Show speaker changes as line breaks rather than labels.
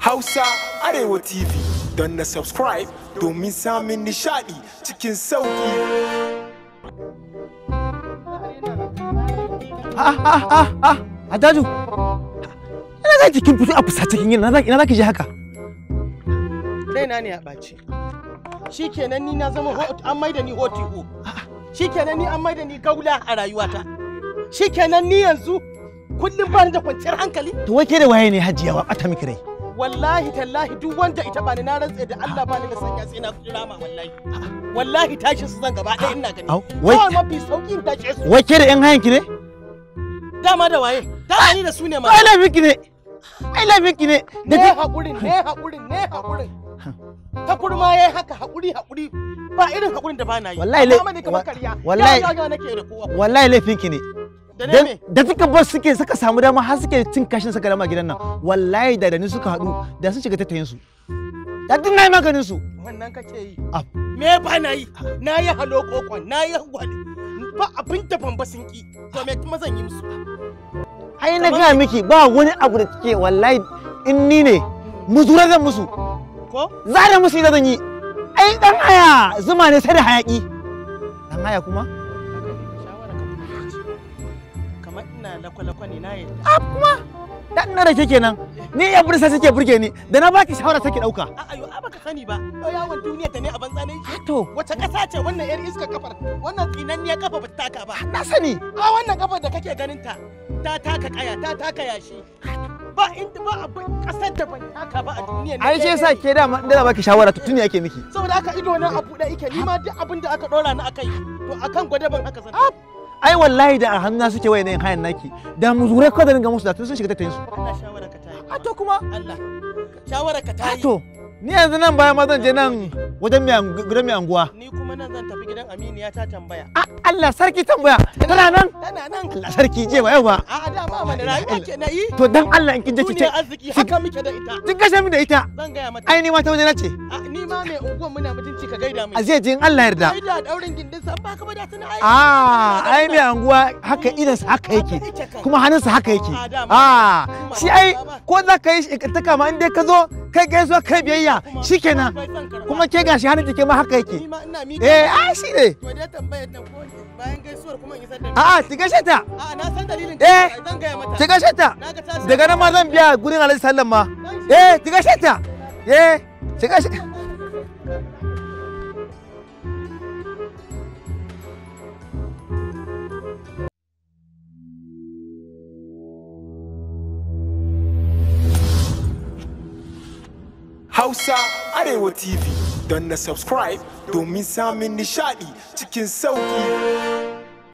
Hausa Arewa TV don na subscribe domin samun nishaɗi cikin sauƙi. A ah, ah, ah, daju, ina za ki fito a fusa cikin yin ina za ki je haka?
na ne a ɓace. Shi kenan ni na zama an maida ni hoti ho. Shi kenan ni an maida ni gaula a rayuwata. Shi kenan ni yanzu kullum ba da kwanciyar hankali. To
wai ke da waye ne hajiya wa ɓata miki rai.
wallahi tallahi duk wanda ita bani na rantse da Allah bani na sanya sai na rama wallahi wallahi tashi su zan gaba ɗaya ina gani wai mafi sauki in tashi
su wai ke da yan hayan ki ne
dama da waye dama ni da su ne ma ai lafi ki ne ai lafi ki ne ne hakurin ne hakurin ne hakurin ta kurma yayi haka hakuri hakuri ba irin hakurin da ba na yi wallahi wallahi
wallahi laifin ki ne da suka bar suke suka samu dama har suke cin kashin saka dama gidan nan wallahi da ni suka hadu da sun shiga tattayin su da duk nayi maganin su
wannan kake yi ah. me ba na
yi na yi halo kokon na yi gwale ba
abin da ban ba sun ki to me kuma zan yi musu
ai na ga miki ba wani abu da take wallahi in ni ne zura zan musu ko da musu idan zan yi ai dan haya zuma ne sai da hayaki dan haya kuma
kamar lakwalakwa ne na yadda. Ah, kuma
da ina da ke nan ni ya bursa take burge ni da na baki shawara take dauka. A ayo a baka
sani ba yawon duniya ta ne a banza ne. Ah, to wace kasa ce wannan yar iska kafar wannan tsinanniyar kafa ba ah, ta taka ba. Na sani. A wannan kafar da kake ganin ta ta taka kaya ta taka yashi. ba inda ba abin kasar da ban taka ba a duniya ne. Ai shi yasa ke
da man da baki shawara to tuni yake miki.
Saboda haka ido nan a buɗe ike ni ma duk abin da aka dora ni akai to akan gwada ban haka sani.
ai wallahi da a hannu suke waye ne hayan naki da muzurai ko da ringa musu da tun sun shiga tattayin su Allah shawara
ka tayi a to kuma Allah shawara ka
tayi to ni yanzu nan baya ma zan je nan wajen mai gidan mai anguwa ni kuma nan zan wajen aminiya ta tambaya. Allah sarki tambaya. Tana nan? Tana nan. Allah sarki je ba yau A da ba mana rayuwa ke na yi. To dan Allah in kin je ki ce. arziki haka muke da ita. Kin kashe mu da ita. Zan gaya mata. Ai ni ma ta wajen nace.
Ni ma mai unguwan muna mutunci ka gaida mu. Azai je in Allah yarda. Ai da daurin gindin san ba ka ba da tana ai.
Ah ai mai unguwa haka idan sa haka yake. Kuma hannun sa haka yake. Ah shi ai ko za ka yi ta kama in dai ka zo kai ga gaisuwa kai biyayya shikenan kuma ke gashi hannun jike ma haka yake eh a shi ne a ki gashe ta na san dalilin eh ki gashe ta daga nan ma zan biya gurin alhaji sallan ma eh ki gashe ta eh ki gashe Hausa Arewa TV don na subscribe domin samun nishadi cikin sauki